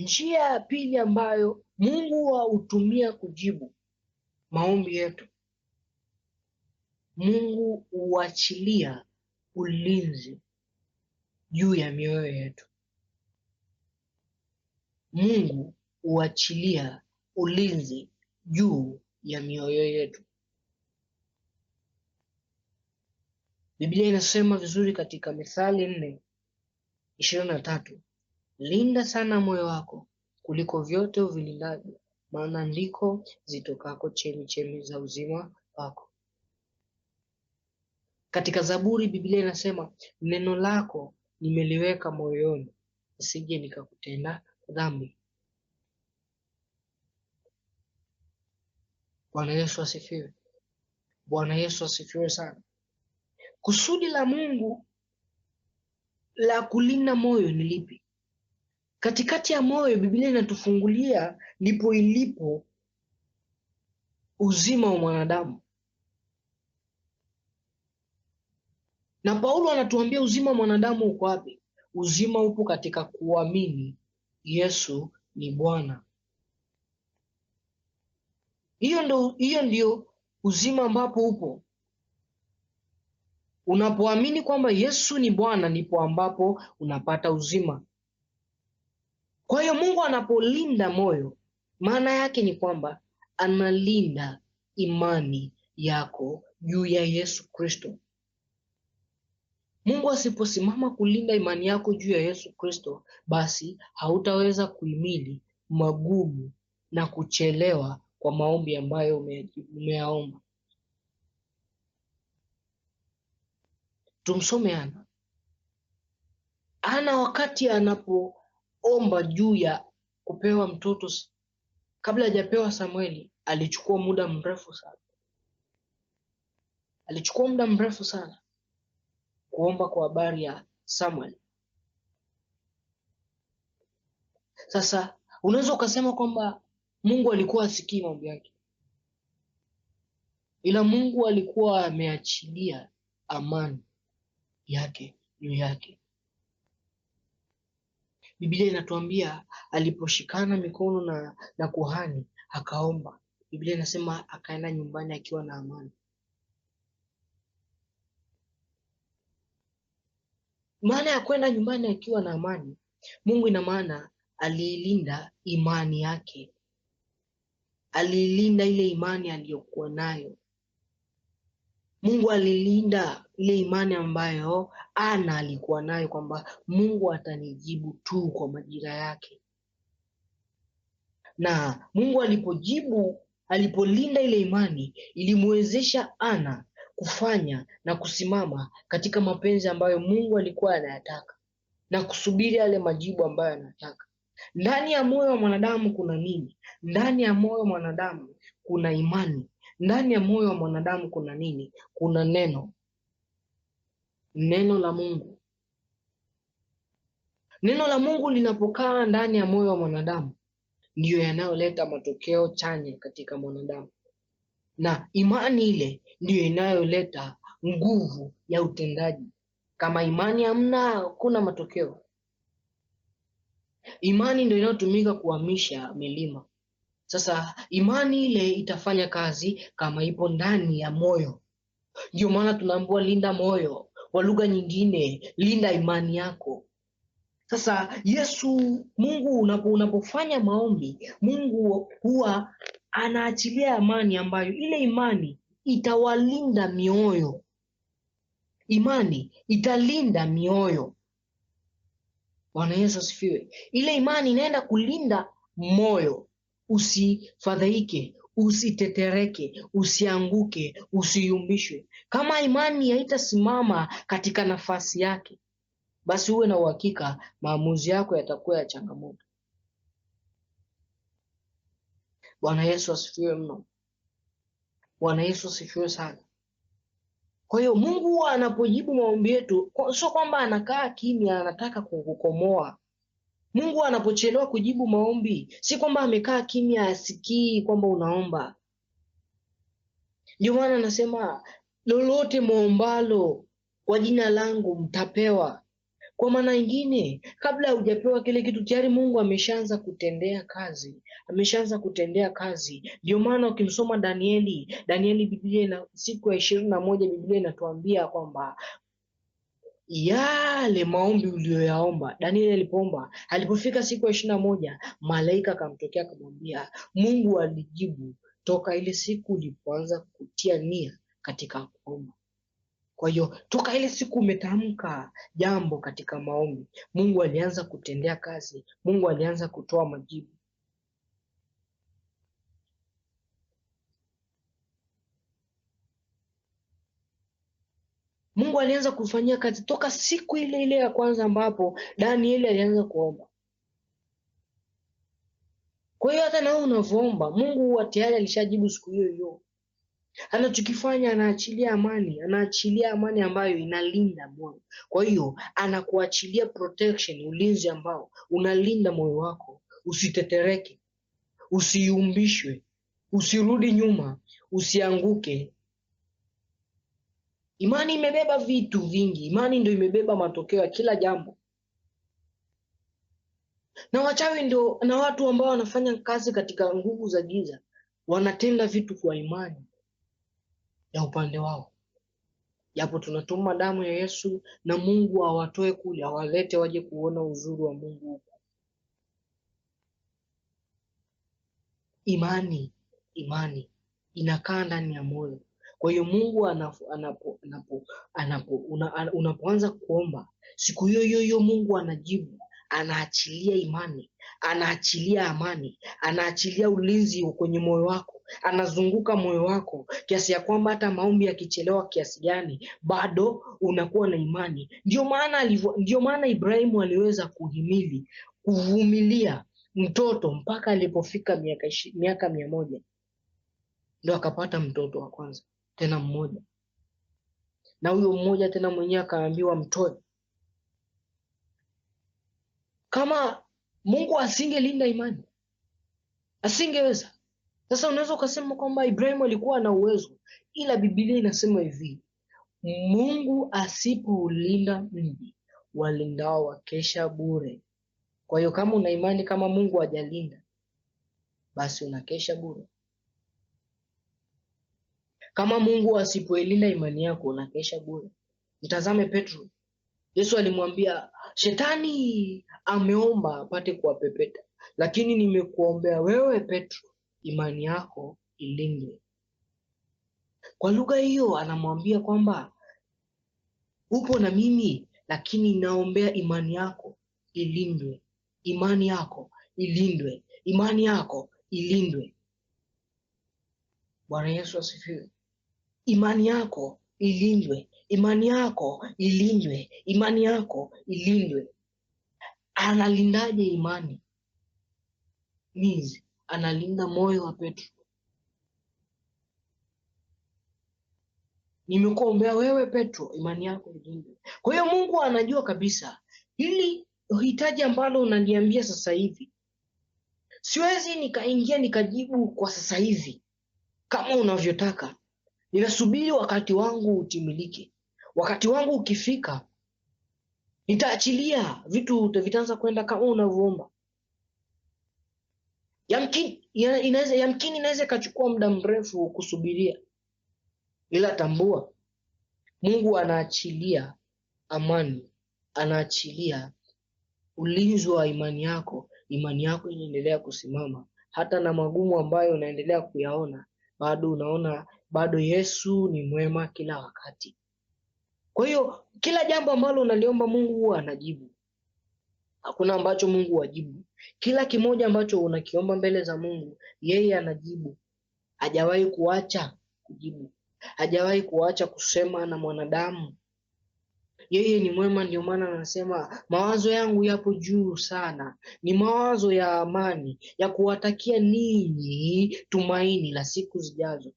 Njia ya pili ambayo Mungu hutumia kujibu maombi yetu, Mungu huachilia ulinzi juu ya mioyo yetu. Mungu huachilia ulinzi juu ya mioyo yetu. Biblia inasema vizuri katika Mithali nne ishirini na tatu Linda sana moyo wako kuliko vyote uvilindavyo, maana ndiko zitokako chemichemi za uzima wako. Katika Zaburi Biblia inasema neno lako nimeliweka moyoni, nisije nikakutenda dhambi. Bwana Yesu asifiwe. Bwana Yesu asifiwe sana. Kusudi la Mungu la kulinda moyo ni lipi? Katikati ya moyo Biblia inatufungulia ndipo ilipo uzima wa mwanadamu, na Paulo anatuambia uzima wa mwanadamu uko wapi? Uzima upo katika kuamini Yesu ni Bwana. Hiyo ndio hiyo ndio uzima ambapo upo unapoamini kwamba Yesu ni Bwana, ndipo ambapo unapata uzima. Kwa hiyo Mungu anapolinda moyo, maana yake ni kwamba analinda imani yako juu ya Yesu Kristo. Mungu asiposimama kulinda imani yako juu ya Yesu Kristo, basi hautaweza kuhimili magumu na kuchelewa kwa maombi ambayo umeyaomba. Tumsome Ana. Ana wakati anapo omba juu ya kupewa mtoto kabla hajapewa Samueli, alichukua muda mrefu sana, alichukua muda mrefu sana kuomba kwa habari ya Samuel. Sasa unaweza ukasema kwamba Mungu alikuwa asikii maombi yake, ila Mungu alikuwa ameachilia amani yake juu yake. Biblia inatuambia aliposhikana mikono na, na kuhani akaomba, Biblia inasema akaenda nyumbani akiwa na amani. Maana ya kwenda nyumbani akiwa na amani, Mungu ina maana aliilinda imani yake, aliilinda ile imani aliyokuwa nayo. Mungu alilinda ile imani ambayo Ana alikuwa nayo kwamba Mungu atanijibu tu kwa majira yake, na Mungu alipojibu, alipolinda ile imani, ilimwezesha Ana kufanya na kusimama katika mapenzi ambayo Mungu alikuwa anayataka na kusubiri yale majibu ambayo anataka. Ndani ya moyo wa mwanadamu kuna nini? Ndani ya moyo wa mwanadamu kuna imani. Ndani ya moyo wa mwanadamu kuna nini? Kuna neno neno la Mungu. Neno la Mungu linapokaa ndani ya moyo wa mwanadamu ndiyo yanayoleta matokeo chanya katika mwanadamu, na imani ile ndiyo inayoleta nguvu ya utendaji. Kama imani hamna, hakuna matokeo. Imani ndio inayotumika kuhamisha milima. Sasa imani ile itafanya kazi kama ipo ndani ya moyo. Ndio maana tunaambiwa linda moyo, kwa lugha nyingine, linda imani yako. Sasa Yesu Mungu, unapo, unapofanya maombi Mungu huwa anaachilia amani ambayo ile imani itawalinda mioyo, imani italinda mioyo. Bwana Yesu asifiwe. Ile imani inaenda kulinda moyo, usifadhaike, usitetereke, usianguke, usiyumbishwe. Kama imani haitasimama katika nafasi yake, basi uwe na uhakika maamuzi yako yatakuwa ya changamoto. Bwana Yesu asifiwe mno. Bwana Yesu asifiwe sana. Kwa hiyo Mungu anapojibu maombi yetu, sio kwamba anakaa kimya, anataka kukukomoa Mungu anapochelewa kujibu maombi, si kwamba amekaa kimya, asikii kwamba unaomba. Ndio maana anasema lolote mwombalo kwa jina langu mtapewa. Kwa maana ingine, kabla hujapewa kile kitu tayari Mungu ameshaanza kutendea kazi, ameshaanza kutendea kazi. Ndio maana ukimsoma Danieli, Danieli Biblia na siku ya ishirini na moja Biblia inatuambia kwamba yale maombi uliyoyaomba Danieli alipoomba, alipofika siku ya ishirini na moja malaika akamtokea akamwambia, Mungu alijibu toka ile siku ulipoanza kutia nia katika kuomba. Kwa hiyo toka ile siku umetamka jambo katika maombi, Mungu alianza kutendea kazi, Mungu alianza kutoa majibu. alianza kufanyia kazi toka siku ile ile ya kwanza ambapo Danieli alianza kuomba. Kwa hiyo hata nawe unavyoomba, Mungu huwa tayari alishajibu siku hiyo hiyo. Anachokifanya, anaachilia amani, anaachilia amani ambayo inalinda moyo. Kwa hiyo anakuachilia protection, ulinzi ambao unalinda moyo wako, usitetereke, usiumbishwe usirudi nyuma, usianguke. Imani imebeba vitu vingi. Imani ndio imebeba matokeo ya kila jambo, na wachawi ndio na watu ambao wanafanya kazi katika nguvu za giza wanatenda vitu kwa imani ya upande wao, japo tunatuma damu ya Yesu na Mungu awatoe kule, awalete waje kuona uzuri wa Mungu huko. Imani, imani inakaa ndani ya moyo. Kwa hiyo Mungu anapo, anapo, anapo, una, unapoanza kuomba siku hiyo hiyo hiyo Mungu anajibu, anaachilia imani, anaachilia amani, anaachilia ulinzi kwenye moyo wako, anazunguka moyo wako kiasi ya kwamba hata maombi yakichelewa kiasi gani bado unakuwa na imani. Ndio maana ndio maana Ibrahimu aliweza kuhimili kuvumilia mtoto mpaka alipofika miaka miaka mia moja ndo akapata mtoto wa kwanza tena mmoja, na huyo mmoja tena mwenyewe akaambiwa mtoe. Kama Mungu asingelinda imani, asingeweza. Sasa unaweza ukasema kwamba Ibrahimu alikuwa ana uwezo, ila Biblia inasema hivi, Mungu asipoulinda mji walindao wakesha bure. Kwa hiyo kama una imani kama Mungu hajalinda, basi unakesha bure. Kama Mungu asipoilinda imani yako unakeesha bure. Mtazame Petro. Yesu alimwambia shetani ameomba apate kuwapepeta, lakini nimekuombea wewe Petro, imani yako ilindwe. Kwa lugha hiyo anamwambia kwamba upo na mimi, lakini naombea imani yako ilindwe, imani yako ilindwe, imani yako ilindwe. Bwana Yesu asifiwe imani yako ilindwe, imani yako ilindwe, imani yako ilindwe. Analindaje imani? Nizi analinda moyo wa Petro. Nimekuombea wewe Petro, imani yako ilindwe. Kwa hiyo Mungu anajua kabisa hili hitaji ambalo unaniambia sasa hivi, siwezi nikaingia nikajibu kwa sasa hivi kama unavyotaka ninasubiri wakati wangu utimilike. Wakati wangu ukifika, nitaachilia vitu, vitaanza kwenda kama unavyoomba. Yamkini inaweza yamkini inaweza ikachukua muda mrefu kusubiria, ila tambua, Mungu anaachilia amani, anaachilia ulinzi wa imani yako. Imani yako inaendelea kusimama hata na magumu ambayo unaendelea kuyaona, bado unaona bado Yesu ni mwema kila wakati. Kwa hiyo kila jambo ambalo unaliomba Mungu huwa anajibu. Hakuna ambacho Mungu hajibu. Kila kimoja ambacho unakiomba mbele za Mungu, yeye anajibu. Hajawahi kuacha kujibu, hajawahi kuacha kusema na mwanadamu. Yeye ni mwema, ndio maana anasema mawazo yangu yapo juu sana, ni mawazo ya amani ya kuwatakia ninyi tumaini la siku zijazo.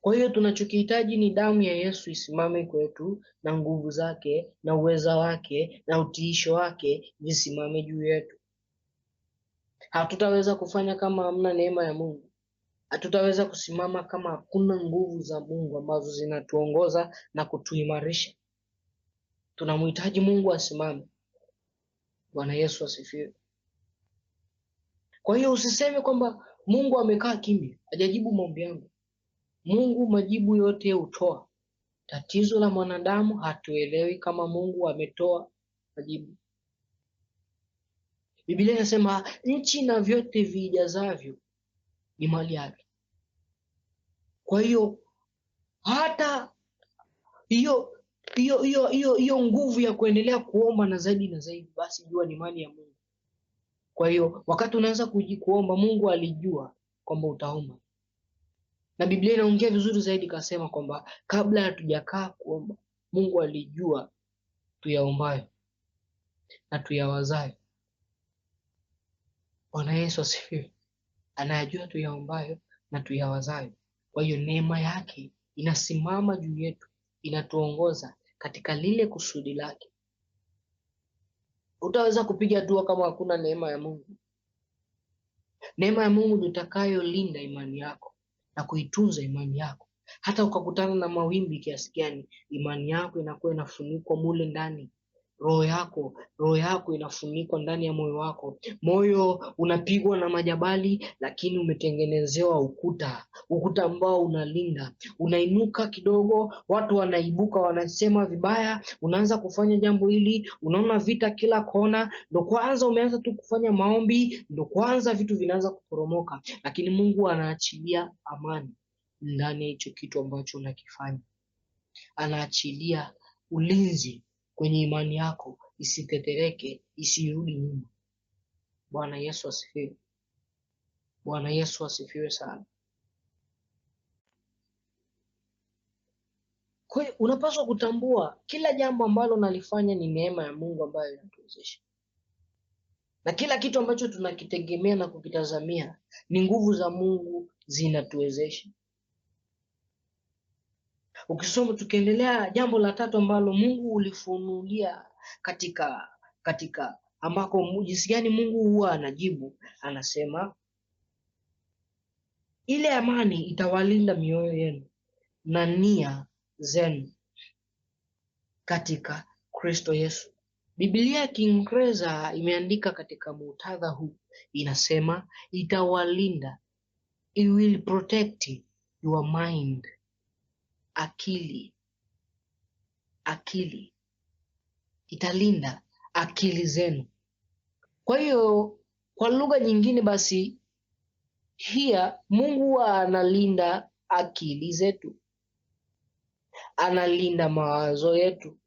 Kwa hiyo tunachokihitaji ni damu ya Yesu isimame kwetu na nguvu zake na uweza wake na utiisho wake visimame juu yetu. Hatutaweza kufanya kama hamna neema ya Mungu. Hatutaweza kusimama kama hakuna nguvu za Mungu ambazo zinatuongoza na kutuimarisha. Tunamhitaji Mungu asimame. Bwana Yesu asifiwe. Kwa hiyo usiseme kwamba Mungu amekaa kimya, hajajibu maombi yangu. Mungu majibu yote hutoa. Tatizo la mwanadamu, hatuelewi kama Mungu ametoa majibu. Biblia inasema nchi na vyote vijazavyo ni mali yake. Kwa hiyo hata hiyo hiyo hiyo hiyo hiyo nguvu ya kuendelea kuomba na zaidi na zaidi, basi jua ni mali ya Mungu. Kwa hiyo wakati unaanza kuomba, Mungu alijua kwamba utaomba, na Biblia inaongea vizuri zaidi, kasema kwamba kabla hatujakaa kuomba, Mungu alijua tuyaombayo na tuyawazayo. Bwana Yesu asifiwe. Anayajua tuyaombayo na tuyawazayo. Kwa hiyo neema yake inasimama juu yetu, inatuongoza katika lile kusudi lake. Utaweza kupiga dua kama hakuna neema ya Mungu? Neema ya Mungu ndio itakayolinda imani yako na kuitunza imani yako. Hata ukakutana na mawimbi kiasi gani, imani yako inakuwa inafunikwa mule ndani roho yako, roho yako inafunikwa ndani ya moyo wako. Moyo unapigwa na majabali, lakini umetengenezewa ukuta, ukuta ambao unalinda. Unainuka kidogo, watu wanaibuka, wanasema vibaya, unaanza kufanya jambo hili, unaona vita kila kona, ndo kwanza umeanza tu kufanya maombi, ndo kwanza vitu vinaanza kuporomoka, lakini Mungu anaachilia amani ndani ya hicho kitu ambacho unakifanya, anaachilia ulinzi kwenye imani yako isitetereke, isirudi nyuma. Bwana Yesu asifiwe. Bwana Yesu asifiwe sana. Kwa hiyo unapaswa kutambua kila jambo ambalo nalifanya ni neema ya Mungu ambayo inatuwezesha, na kila kitu ambacho tunakitegemea na kukitazamia ni nguvu za Mungu zinatuwezesha. Ukisoma tukiendelea, jambo la tatu ambalo Mungu ulifunulia katika katika ambako jinsi gani Mungu huwa anajibu, anasema ile amani itawalinda mioyo yenu na nia zenu katika Kristo Yesu. Biblia ya Kiingereza imeandika katika muktadha huu, inasema itawalinda, it will protect your mind akili, akili italinda akili zenu. Kwa hiyo kwa lugha nyingine basi, hiya Mungu analinda akili zetu, analinda mawazo yetu,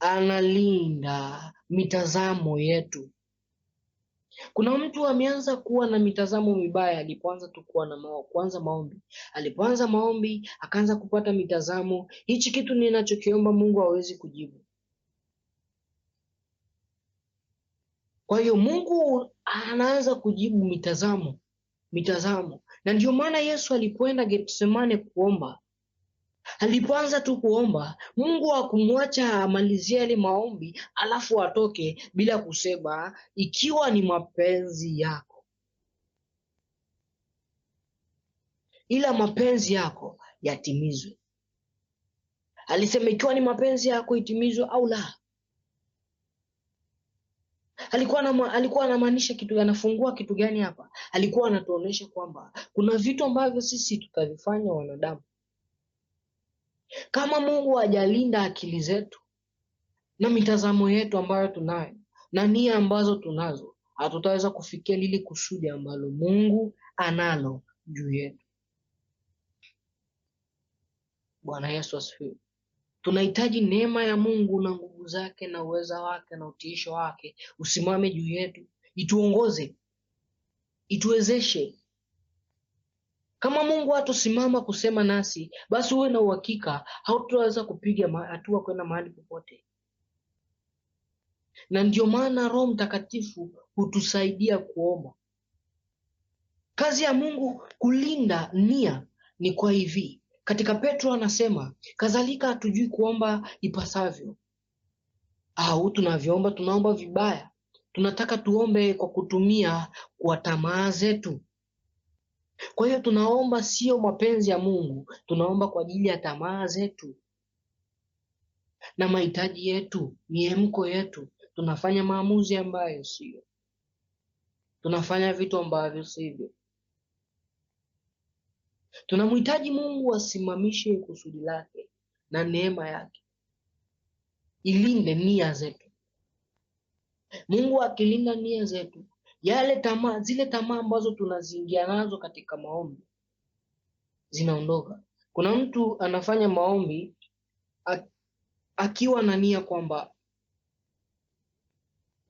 analinda mitazamo yetu, kuna mtu ameanza kuwa na mitazamo mibaya alipoanza tu kuwa na mao, kuanza maombi. Alipoanza maombi akaanza kupata mitazamo, hichi kitu ninachokiomba Mungu hawezi kujibu. Kwa hiyo Mungu anaanza kujibu mitazamo, mitazamo. Na ndio maana Yesu alipoenda Getsemane kuomba, Alipoanza tu kuomba Mungu hakumwacha amalizie yale maombi alafu atoke bila kusema ikiwa ni mapenzi yako, ila mapenzi yako yatimizwe. Alisema ikiwa ni mapenzi yako itimizwe au la. Alikuwa na, alikuwa anamaanisha kitu, anafungua kitu gani hapa? Alikuwa anatuonyesha kwamba kuna vitu ambavyo sisi tutavifanya wanadamu kama Mungu hajalinda akili zetu na mitazamo yetu ambayo tunayo na nia ambazo tunazo, hatutaweza kufikia lile kusudi ambalo Mungu analo juu yetu. Bwana Yesu asifiwe. Tunahitaji neema ya Mungu na nguvu zake na uweza wake na utiisho wake usimame juu yetu, ituongoze, ituwezeshe kama Mungu hatosimama kusema nasi, basi uwe na uhakika hautaweza kupiga hatua kwenda mahali popote. Na ndio maana Roho Mtakatifu hutusaidia kuomba. Kazi ya Mungu kulinda nia ni kwa hivi, katika Petro anasema kadhalika, hatujui kuomba ipasavyo au tunavyoomba tunaomba vibaya. Tunataka tuombe kwa kutumia kwa tamaa zetu. Kwa hiyo tunaomba sio mapenzi ya Mungu, tunaomba kwa ajili ya tamaa zetu na mahitaji yetu, miemko yetu. Tunafanya maamuzi ambayo sio, tunafanya vitu ambavyo sivyo. Tunamhitaji Mungu asimamishe kusudi lake na neema yake ilinde nia zetu. Mungu akilinda nia zetu, yale tamaa, zile tamaa ambazo tunaziingia nazo katika maombi zinaondoka. Kuna mtu anafanya maombi akiwa na nia kwamba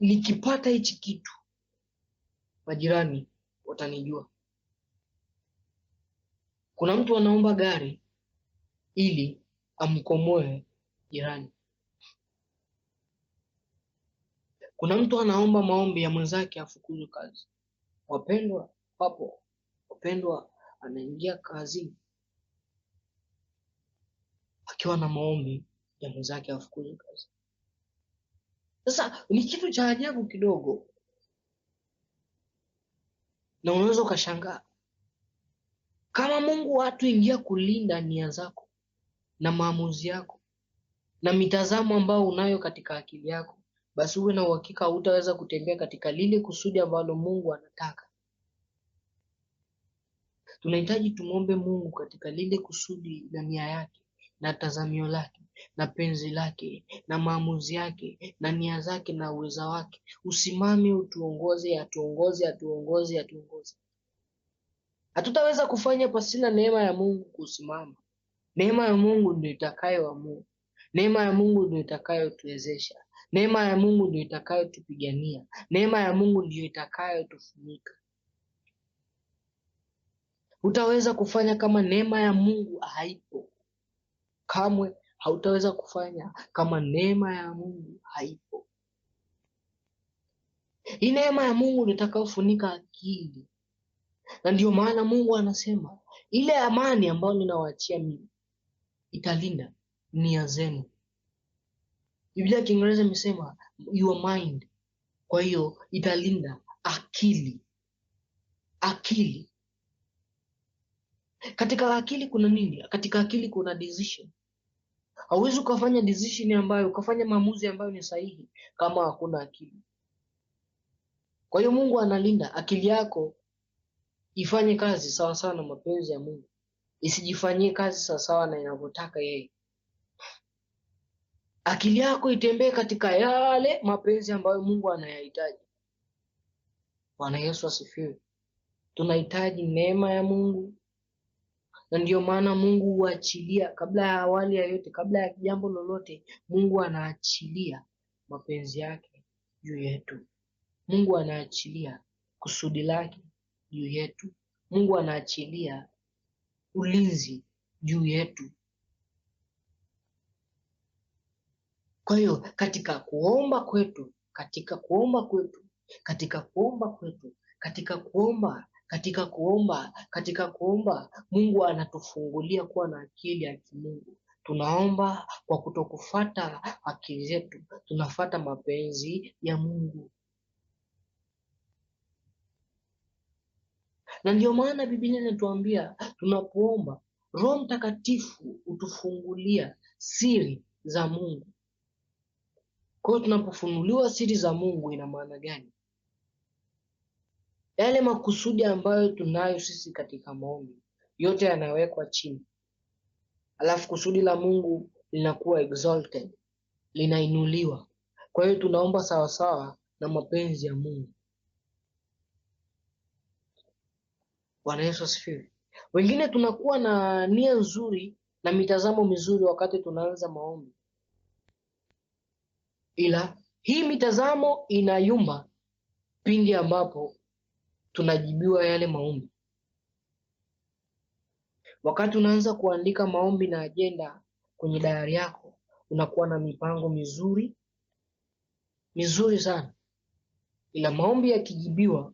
nikipata hichi kitu majirani watanijua. Kuna mtu anaomba gari ili amkomoe jirani. Kuna mtu anaomba maombi ya mwenzake afukuzwe kazi. Wapendwa hapo, wapendwa, anaingia kazini akiwa na maombi ya mwenzake afukuzwe kazi. Sasa ni kitu cha ajabu kidogo, na unaweza ukashangaa kama Mungu hatuingia kulinda nia zako na maamuzi yako na mitazamo ambayo unayo katika akili yako basi uwe na uhakika hautaweza kutembea katika lile kusudi ambalo Mungu anataka. Tunahitaji tumwombe Mungu katika lile kusudi na nia yake na tazamio lake na penzi lake na maamuzi yake na nia zake na uweza wake. Usimame utuongoze, atuongoze, atuongoze, atuongoze. Hatutaweza kufanya pasina neema ya Mungu kusimama. Neema ya Mungu ndio itakayoamua, neema ya Mungu ndio itakayotuwezesha. Neema ya Mungu ndio itakayotupigania. Neema ya Mungu ndio itakayotufunika. Hutaweza kufanya kama neema ya Mungu haipo. Kamwe hautaweza kufanya kama neema ya Mungu haipo. Hii neema ya Mungu ndio itakayofunika akili, na ndio maana Mungu anasema ile amani ambayo ninawaachia mimi italinda nia zenu. Biblia ya Kiingereza imesema your mind, kwa hiyo italinda akili. Akili, katika akili kuna nini? Katika akili kuna decision. Hauwezi ukafanya decision ambayo ukafanya maamuzi ambayo ni sahihi kama hakuna akili. Kwa hiyo Mungu analinda akili yako, ifanye kazi sawasawa na mapenzi ya Mungu, isijifanyie kazi sawasawa na inavyotaka yeye akili yako itembee katika yale mapenzi ambayo Mungu anayahitaji. Bwana Yesu asifiwe. Tunahitaji neema ya Mungu, na ndiyo maana Mungu huachilia kabla ya awali ya yote, kabla ya jambo lolote, Mungu anaachilia mapenzi yake juu yetu. Mungu anaachilia kusudi lake juu yetu. Mungu anaachilia ulinzi juu yetu. Kwa hiyo katika kuomba kwetu, katika kuomba kwetu, katika kuomba kwetu, katika kuomba katika kuomba katika kuomba, Mungu anatufungulia kuwa na akili ya kimungu. Tunaomba kwa kutokufata akili zetu, tunafata mapenzi ya Mungu, na ndio maana Biblia inatuambia tunapoomba, Roho Mtakatifu hutufungulia siri za Mungu. Kwa hiyo tunapofunuliwa siri za Mungu ina maana gani? Yale makusudi ambayo tunayo sisi katika maombi yote yanawekwa chini, alafu kusudi la Mungu linakuwa exalted, linainuliwa. Kwa hiyo tunaomba sawasawa na mapenzi ya Mungu. Bwana Yesu asifiwe. Wengine tunakuwa na nia nzuri na mitazamo mizuri wakati tunaanza maombi, ila hii mitazamo inayumba pindi ambapo tunajibiwa yale maombi. Wakati unaanza kuandika maombi na ajenda kwenye dayari yako, unakuwa na mipango mizuri mizuri sana, ila maombi yakijibiwa,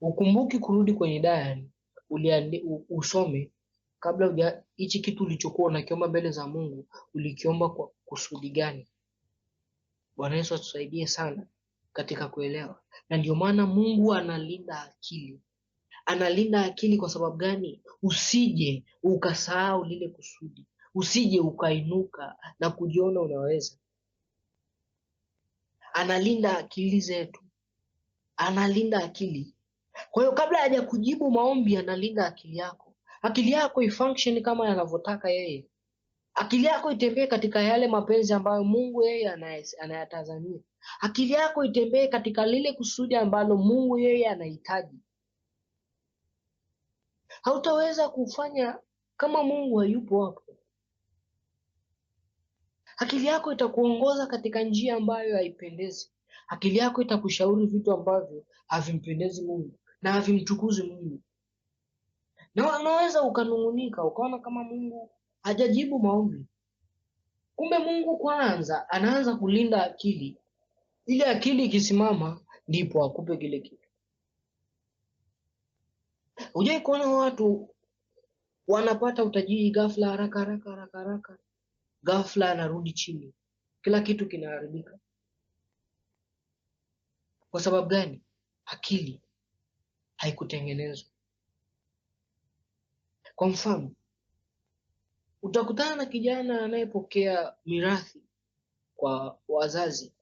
ukumbuki kurudi kwenye dayari uliandi, usome kabla hichi kitu ulichokuwa unakiomba mbele za Mungu ulikiomba kwa kusudi gani? Bwana Yesu atusaidie sana katika kuelewa, na ndio maana Mungu analinda akili. Analinda akili kwa sababu gani? Usije ukasahau lile kusudi, usije ukainuka na kujiona unaweza. Analinda akili zetu, analinda akili. Kwa hiyo kabla haja kujibu maombi, analinda akili yako, akili yako ifunction kama yanavyotaka yeye akili yako itembee katika yale mapenzi ambayo Mungu yeye anayatazamia. Akili yako itembee katika lile kusudi ambalo Mungu yeye anahitaji. Hautaweza kufanya kama Mungu hayupo hapo. Akili yako itakuongoza katika njia ambayo haipendezi. Akili yako itakushauri vitu ambavyo havimpendezi Mungu na havimtukuzi Mungu, na unaweza ukanungunika ukaona kama Mungu hajajibu maombi. Kumbe Mungu kwanza anaanza kulinda akili, ili akili ikisimama ndipo akupe kile kitu. Hujai kuona watu wanapata utajiri ghafla, haraka haraka haraka haraka, ghafla anarudi chini, kila kitu kinaharibika. Kwa sababu gani? Akili haikutengenezwa. Kwa mfano utakutana na kijana anayepokea mirathi kwa wazazi.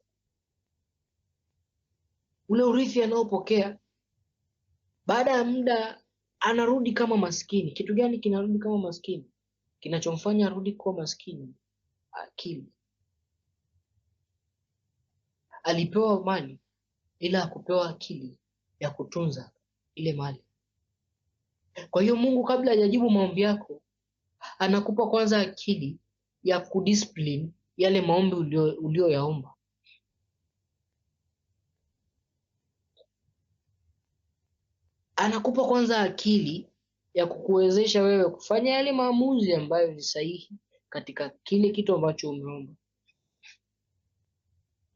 Ule urithi anaopokea, baada ya muda anarudi kama maskini. Kitu gani kinarudi kama maskini? Kinachomfanya arudi kuwa maskini, akili. Alipewa mali, ila hakupewa akili ya kutunza ile mali. Kwa hiyo Mungu kabla hajajibu maombi yako anakupa kwanza akili ya kudiscipline yale maombi ulioyaomba ulio anakupa kwanza akili ya kukuwezesha wewe kufanya yale maamuzi ambayo ni sahihi katika kile kitu ambacho umeomba.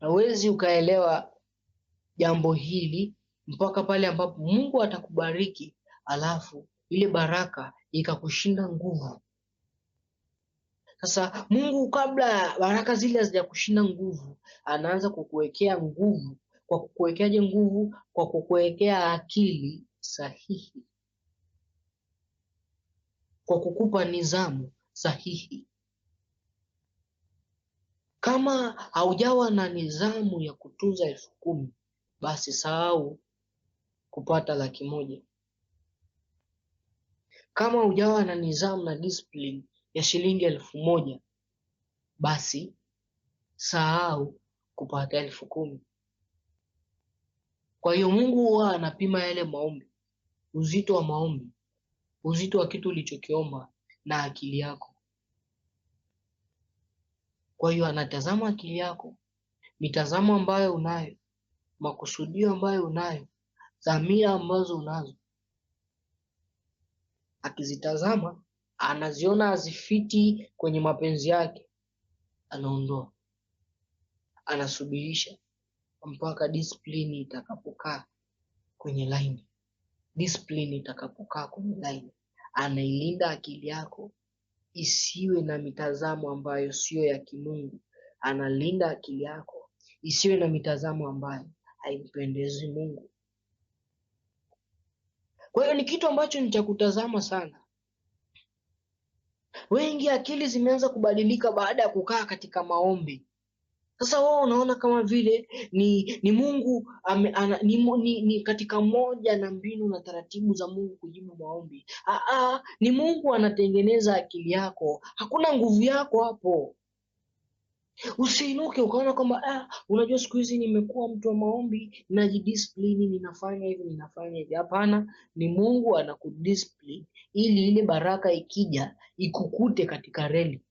Hawezi ukaelewa jambo hili mpaka pale ambapo Mungu atakubariki, alafu ile baraka ikakushinda nguvu sasa Mungu kabla baraka zile hazijakushinda nguvu, anaanza kukuwekea nguvu. Kwa kukuwekeaje nguvu? Kwa kukuwekea akili sahihi, kwa kukupa nidhamu sahihi. Kama haujawa na nidhamu ya kutunza elfu kumi, basi sahau kupata laki moja. Kama hujawa na nidhamu na discipline ya shilingi elfu moja basi sahau kupata elfu kumi. Kwa hiyo Mungu huwa anapima yale maombi, uzito wa maombi, uzito wa kitu ulichokiomba na akili yako. Kwa hiyo anatazama akili yako, mitazamo ambayo unayo, makusudio ambayo unayo, dhamira ambazo unazo, akizitazama anaziona hazifiti kwenye mapenzi yake, anaondoa, anasubirisha mpaka discipline itakapokaa kwenye laini. Discipline itakapokaa kwenye laini, anailinda akili yako isiwe na mitazamo ambayo siyo ya kimungu. Analinda akili yako isiwe na mitazamo ambayo haimpendezi Mungu. Kwa hiyo ni kitu ambacho ni cha kutazama sana. Wengi akili zimeanza kubadilika baada ya kukaa katika maombi. Sasa wao unaona kama vile ni ni Mungu ame, ana, ni, ni, ni katika moja na mbinu na taratibu za Mungu kujibu maombi. Aa, ni Mungu anatengeneza akili yako, hakuna nguvu yako hapo. Usiinuke ukaona kwamba ah, unajua siku hizi nimekuwa mtu wa maombi, najidisciplini, ninafanya hivi, ninafanya hivi. Hapana, ni Mungu anakudiscipline ili ile baraka ikija ikukute katika reli.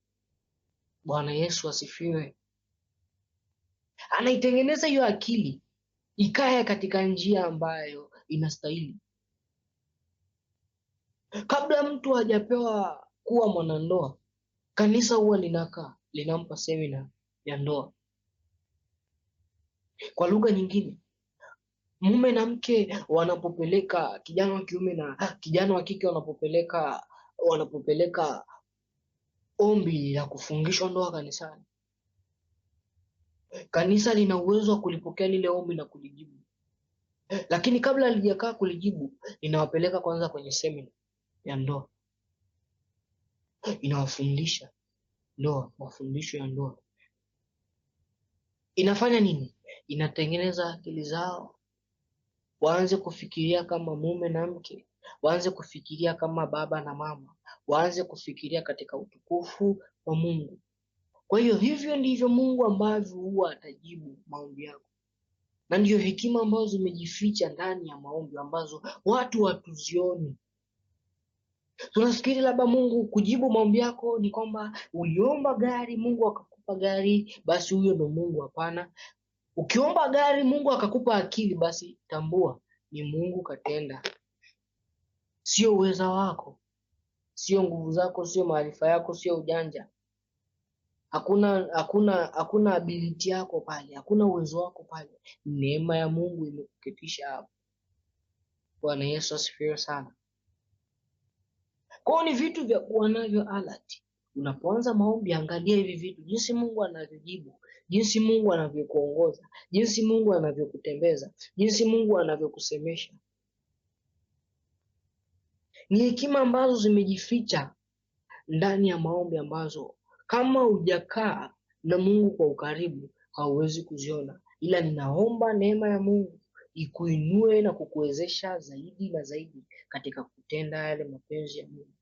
Bwana Yesu asifiwe. Anaitengeneza hiyo akili ikaya katika njia ambayo inastahili. Kabla mtu hajapewa kuwa mwanandoa, kanisa huwa linakaa linampa semina ya ndoa. Kwa lugha nyingine, mume na mke wanapopeleka kijana wa kiume na kijana wa kike wanapopeleka wanapopeleka ombi la kufungishwa ndoa kanisani, kanisa lina uwezo wa kulipokea lile ombi na kulijibu, lakini kabla alijakaa kulijibu, linawapeleka kwanza kwenye semina ya ndoa, inawafundisha ndoa, mafundisho ya ndoa inafanya nini? Inatengeneza akili zao waanze kufikiria kama mume na mke, waanze kufikiria kama baba na mama, waanze kufikiria katika utukufu wa Mungu. Kwa hiyo hivyo ndivyo Mungu ambavyo huwa atajibu maombi yako, na ndiyo hekima ambazo zimejificha ndani ya maombi ambazo watu hatuzioni. Tunafikiri labda Mungu kujibu maombi yako ni kwamba uliomba gari, Mungu akakupa gari, basi huyo ndo Mungu. Hapana, ukiomba gari, Mungu akakupa akili, basi tambua ni Mungu katenda, sio uweza wako, sio nguvu zako, sio maarifa yako, sio ujanja hakuna hakuna hakuna ability yako pale, hakuna uwezo wako pale. Neema ya Mungu imekuketisha hapo. Bwana Yesu asifiwe sana kwao ni vitu vya kuwa navyo alert. Unapoanza maombi, angalia hivi vitu, jinsi Mungu anavyojibu, jinsi Mungu anavyokuongoza, jinsi Mungu anavyokutembeza, jinsi Mungu anavyokusemesha. Ni hekima ambazo zimejificha ndani ya maombi ambazo kama hujakaa na Mungu kwa ukaribu hauwezi kuziona, ila ninaomba neema ya Mungu ikuinue na kukuwezesha zaidi na zaidi katika kutenda yale mapenzi ya Mungu.